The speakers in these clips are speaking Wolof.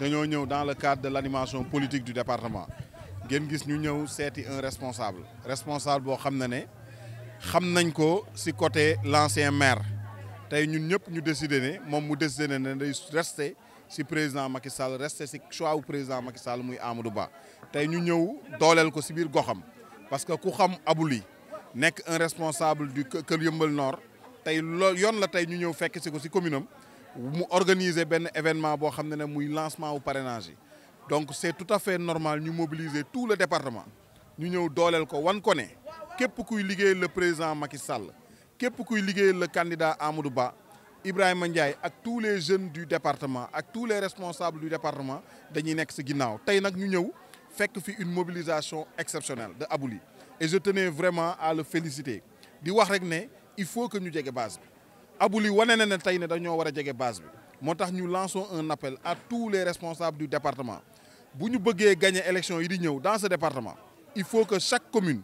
dañoo ñëw dans le cadre de l'animation politique du département ngeen gis ñu ñëw seeti un responsable responsable boo xam na ne xam nañ ko si côté l'ancien maire tey ñun ñëpp ñu décidé ne moom mu décidé ne ne day reste si président Macky Sall rester si choix wu président Macky Sall muy Amadou Ba tey ñu ñëw dooleel ko si biir goxam parce que ku xam yi nekk un responsable du Kër Yëmbal Nord tey loolu yoon la tey ñu ñëw fekk si ko si commune am mu organiser benn événement boo xam ne ne muy lancement wu parrainage donc c' tout à fait normal ñu mobiliser tout le département ñu ñëw dooleel ko wan ko ne képp kuy liggéey le président Macky Sall képp kuy liggéey le candidat Amadou Ba Ibrahima Ndiaye ak tous les jeunes du département ak tous les responsables du département dañuy nekk si ginnaaw tey nag ñu ñëw fekk fi une mobilisation exceptionnelle de Abouli et je tenais vraiment à le féliciter di wax rek ne il faut que ñu jege base abul yi wane na ne tey ne dañoo war a jege base bi moo tax ñu lançons un appel à tous les responsables du département bu ñu bëggee gagner élection yi di ñëw dans ce département il faut que chaque commune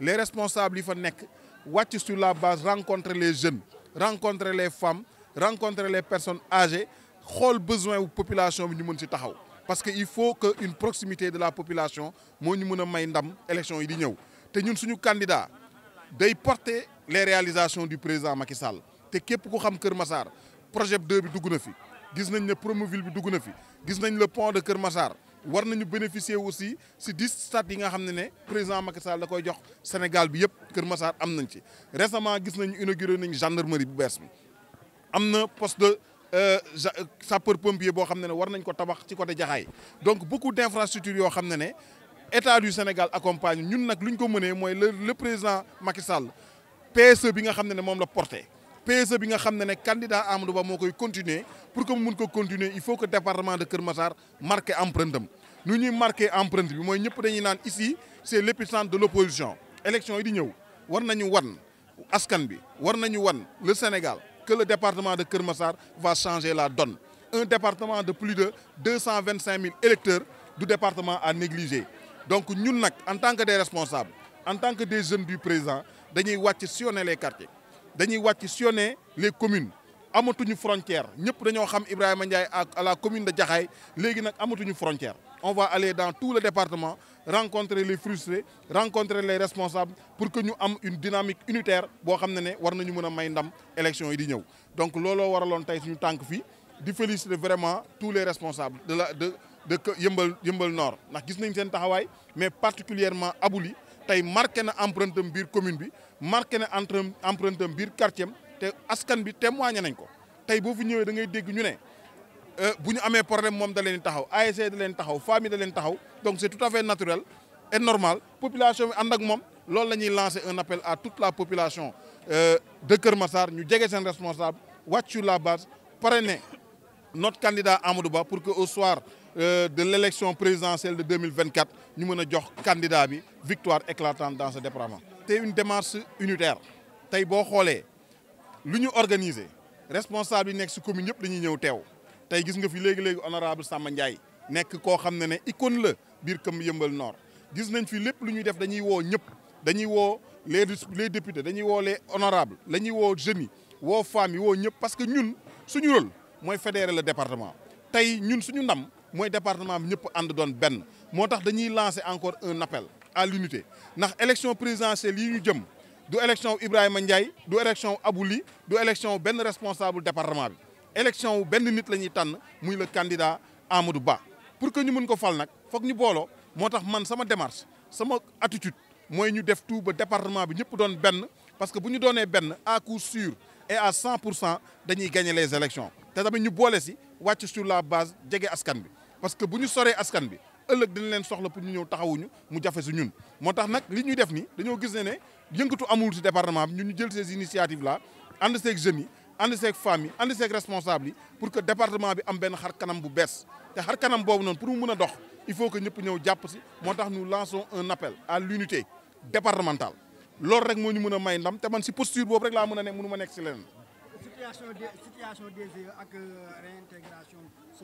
les responsables yi fa nekk wàcc sur la base rencontrer les jeunes rencontrer les femmes rencontrer les personnes âgées xool besoin wu population bi ñu mën ci taxaw parce que il faut que une proximité de la population moo ñu mën a may ndam élection yi di ñëw te ñun suñu candidat day porter les réalisations du président Macky te képp ku xam Kër Massar projet 2 bi dugg na fi gis nañ ne Promoville bi dugg na fi gis nañ le pont de Kër Massar war nañu bénéficier aussi si dis stades yi nga xam ne ne président Macky Sall da koy jox Sénégal bi yëpp Kër Massar am nañ ci. récemment gis nañ inauguré nañ gendarmerie bu bees bi am na poste de euh, sapeur pompier boo xam ne ne war nañ ko tabax ci côté Jaxaay donc beaucoup d' infrastructures yoo xam ne ne état du Sénégal accompagne ñun nag lu ñu ko mënee mooy le le président Macky Sall bi nga xam ne ne moom la porté. PSE bi nga xam ne ne candidat Amadou Ba moo koy continuer pour que mun ko continuer il faut que département de Kër Massar marqué empreinte am nu ñuy marqué empreinte bi mooy ñëpp dañuy naan ici c' est l' épicentre de l' opposition élection yi di ñëw war nañu wan askan bi war nañu wan le Sénégal que département de Kër Massar va changer la done un département de plus de deux cent vingt cinq mille électeurs du département à négliger donc ñun nag en tant que des responsables en tant que des jeunes du président dañuy wàcc sillonner les quartiers dañuy wàcc sillonner les communes amatuñu frontière ñëpp dañoo xam Ibrahima Ndiaye à la commune de Diakhaye léegi nag amatuñu frontière on va aller dans tout le département rencontrer les frustrés rencontrer les responsables pour que ñu am une dynamique unitaire boo xam ne ne war nañu mën a may ndam élection yi di ñëw donc looloo waraloon tey suñu tànk fii di féliciter vraiment tous les responsables de la de de yëmbal yëmbal nord ndax gis nañ seen taxawaay mais particulièrement Abouli tey marqué na empreinte biir commune bi marqué ne entre empreinte am biir quartier am te askan bi témoigné nañ ko tey boo fu ñëwee da ngay dégg ñu ne euh, bu ñu amee problème moom da leen taxaw ASC e da leen taxaw famille da leen taxaw donc c'est tout à fait naturel et normal population bi ànd ak moom loolu la ñuy lancer un appel à toute la population euh, de Kër Massar ñu jege seen responsable wàcc sur la base parrainer notre candidat Amadou Ba pour que au soir euh, de l'élection présidentielle de 2024 ñu mën a jox candidat bi victoire éclatante dans ce département te une démarche tey boo xoolee lu ñu organiser responsable yi nekk si commune yëpp dañuy ñëw teew tey gis nga fi léegi-léegi honorable Samba Ndiaye nekk koo xam ne ne icône la biir këm yëmbal noor gis nañ fi lépp lu ñuy def dañuy woo ñëpp dañuy woo les les députés dañuy woo les honorables la ñuy woo jeunes yi woo femmes yi woo ñëpp parce que ñun suñu rôle mooy fédérer le département tey ñun suñu ndam mooy département bi ñëpp ànd doon benn moo tax dañuy lancer encore un appel à l'unité ndax élection présidentielle yi ñu jëm du élection Ibrahima Ndiaye du élection Abouli du élection benn responsable département bi élection wu benn nit la ñuy tànn muy le candidat Amadou Ba pour que ñu mën ko fal nag foog ñu booloo moo tax man sama démarche sama attitude mooy ñu def tout ba département bi ñëpp doon benn parce que bu ñu doonee benn à coup sûr et à cent pour cent dañuy gagner les élections te tamit ñu boole si wàcc sur la base jege askan bi parce que bu ñu soree askan bi ëllëg dina leen soxla pour ñu ñëw taxawuñu mu jafe su ñun moo tax nag li ñuy def nii dañoo gis ne ne yëngatu amul ci département bi ñun ñu jël ces initiatives là ànd seeg jeunes yi ànd seeg femmes yi ànd seeg responsables yi pour que département bi am benn xar kanam bu bees te xar kanam boobu noonu pour mu mën a dox il faut que ñëpp ñëw jàpp si moo tax nous lançons un appel à l'unité départementale loolu rek moo ñu mën a may ndam te man si posture boobu rek laa mën a ne mënu ma nekk si leneen. situation de situation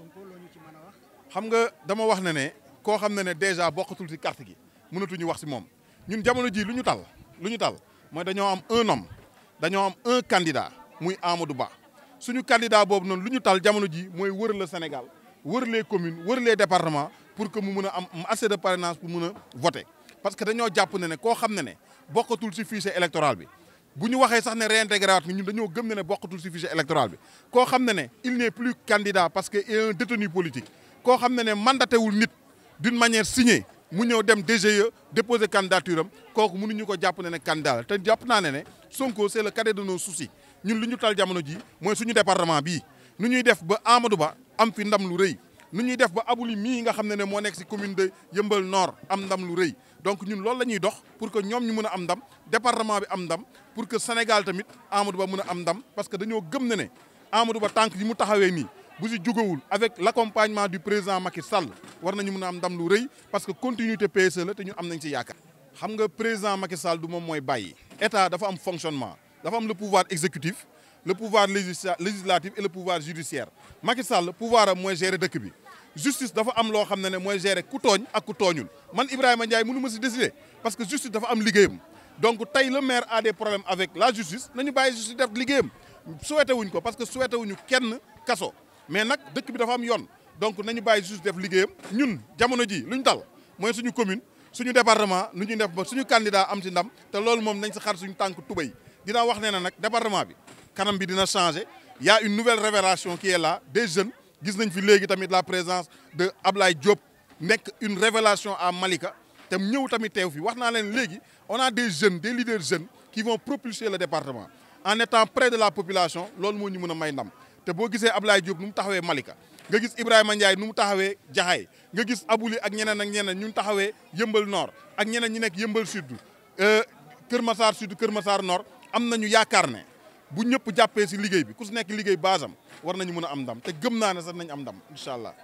euh, xam nga dama wax ne ne koo xam ne ne dèjà bokkatul si carte gi mënatuñu wax si moom ñun jamono ji lu ñu tal lu ñu tal mooy dañoo am un homme dañoo am un candidat muy Amadou Ba suñu candidat boobu noonu lu ñu tal jamono ji mooy wër la Sénégal wër les commune wër lee département pour que mu mën a am assez de parrainage pour mën a voter parce que dañoo jàpp ne ne koo xam ne ne bokkatul si fii fichier électoral bi bu ñu waxee sax ne réintégré waat ñun dañoo gëm ne ne bokkatul ci fichier électoral koo xam ne ne il n'est plus parce que il est koo xam ne ne mandaté wul nit d'une manière signée mu ñëw dem DGE déposer candidature am kooku mënuñu ko jàpp ne ne te jàpp naa ne ne Sonko c'est le cadet de nos soucis ñun lu ñu tal jamono ji mooy suñu département bi nu ñuy def ba Amadou Ba am ndam lu rëy nu ñuy def ba Abouli mii nga xam ne ne moo nekk si commune de Yëmbal noor am ndam lu rëy donc ñun loolu la ñuy dox pour que ñoom ñu mën a am ndam département bi am ndam pour que Sénégal tamit Amadou Ba mën a am ndam parce que dañoo gëm ne ne Amadou Ba tànk yi mu taxawee nii bu si jugawul avec l' accompagnement du président Macky Sall war nañu mun a am ndam lu rëy parce que continuité PSE la te ñu am nañ ci yaakaar. xam nga président Macky Sall du moom mooy bàyyi. état dafa am fonctionnement dafa am le pouvoir exécutif le pouvoir législatif et le pouvoir judiciaire Macky Sall pouvoir am mooy gérer dëkk bi justice dafa am loo xam ne ne mooy gérer ku tooñ ak ku tooñul man Ibrahima Ndiaye mënu ma si décider parce que justice dafa am liggéeyam donc tey le maire a des avec la justice nañu bàyyi justice def liggéeyam souhaité wuñ ko parce que souhaité wuñu kenn kaso. mais nag dëkk bi dafa am yoon donc nañu bàyyi justice def liggéeyam ñun jamono ji lu ñu dal mooy suñu commune suñu département lu ñu def ba suñu candidat am si ndam te loolu moom nañ si xar suñu tànk tubay dina wax ne nag département bi kanam bi dina changé y a une nouvelle révélation qui est là des jeunes gis nañ fi léegi tamit la présence de Ablaye Diop nekk une révélation à Malika te ñëw tamit teew fi wax naa leen léegi on a des jeunes des leaders jeunes qui vont propulser le département en étant près de la population loolu moo ñu mën a may ndam te boo gisee Ablaye Diop nu mu taxawee Malika nga gis Ibrahima Ndiaye nu mu taxawee Jaxaay nga gis Abouli ak ñeneen ak ñeneen ñu taxawee Yëmbal Nord ak ñeneen ñu nekk Yëmbal Sud euh, Kër Massar Sud Kër Massar Nord am nañu yaakaar ne bu ñëpp jàppee si liggéey bi ku si nekk liggéey basam war nañu mën a am ndam te gëm naa ne sax nañ am ndam incha allah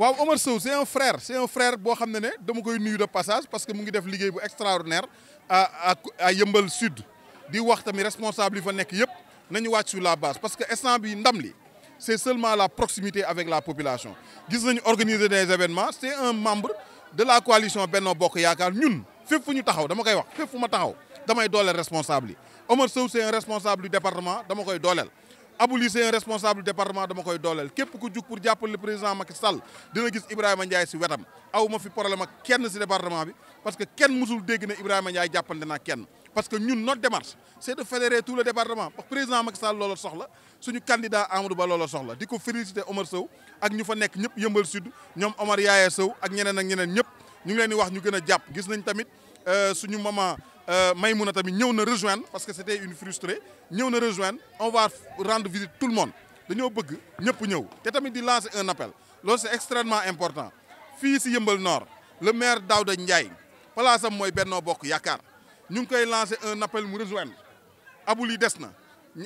waaw Omar Sow c'est un frère c'est un frère boo xam ne ne dama koy nuyu de passage parce que mu ngi def liggéey bu extraordinaire à à Yëmbal Sud di wax tamit responsable yi fa nekk yëpp nañu wàcc sur la base parce que instant bi ndam li c'est seulement la proximité avec la population gis nañu organiser des événements c'est un membre de la coalition Benno Bokk Yaakaar ñun fépp fu ñu taxaw dama koy wax fépp fu ma taxaw damay dooleel responsable yi Omar Sow c'est département dama koy dooleel Abou Lycée un responsable département dama koy dooleel képp ku jug pour jàppale le président Macky Sall dina gis Ibrahima Ndiaye si wetam aw fi problème kenn si département bi parce que kenn musul dégg ne Ibrahima Ndiaye jàppante naa kenn parce que ñun notre démarche c'est de fédérer tout le département parce que président Macky Sall loola soxla suñu candidat Amadou Ba loola soxla di ko féliciter Omar Sow ak ñu fa nekk ñëpp yëmbal sud ñoom Omar Yaya Sow ak ñeneen ak ñeneen ñëpp ñu ngi wax ñu gën a jàpp gis nañ tamit euh, suñu maman Euh, Maïmouna tamit ñëw na rejoindre parce que c'était une frustrée ñëw na rejoindre on va rendre visite tout le monde dañoo bëgg ñëpp ñëw te tamit di lancer un appel loolu c'est extrêmement important fii si Yeumbeul Nord le maire Daouda Ndiaye place am mooy Benno Bokk Yaakaar ñu ngi koy lancer un appel mu rejoindre abul yi des na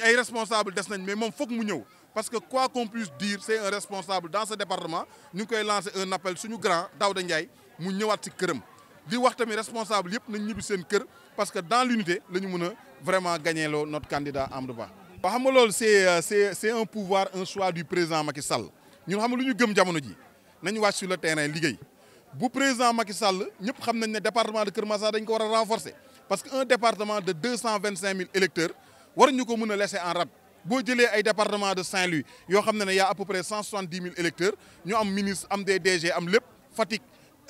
ay responsable des nañ mais moom foog mu ñëw parce que quoi qu'on puisse dire c'est un responsable dans ce département ñu ngi koy lancer un appel suñu grand Daouda Ndiaye mu ñëwaat si këram di waxtami tamit responsable yëpp nañ ñibbi seen kër parce que dans l'unité la ñu mën a vraiment gagné loo notre candidat Amadou Ba. waaw xam nga loolu euh, c'est un pouvoir un choix du président Macky Sall ñun xam lu ñu gëm jamono ji nañu wàcc sur le terrain liggéey bu président Macky Sall ñëpp xam nañ ne département de Kër Massar dañ ko war a renforcer parce que un département de deux cent vingt cinq mille électeurs waruñu ko mën a laisser en rade boo jëlee ay département de Saint-Louis yoo xam ne ne y a à peu près cent soixante dix mille am ministre am des DG am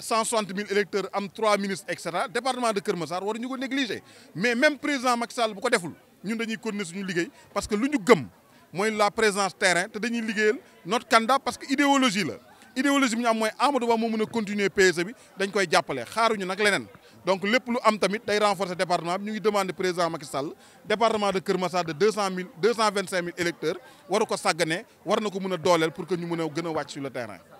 cent soixante mille électeurs am trois ministres et cetera département de Kër Massar waruñu ko négliger mais même président Macky Sall bu ko deful ñun dañuy continuer suñu liggéey parce que lu ñu gëm mooy la présence terrain te dañuy liggéeyal notre candidat parce que idéologie la idéologie bi ñu am mooy Amadou Ba moo mën a continuer PSE bi dañ koy jàppale xaaruñu nag leneen donc lépp lu am tamit day renforcer département bi ñu ngi président Macky Sall war na ko mën a dooleel pour que le terrain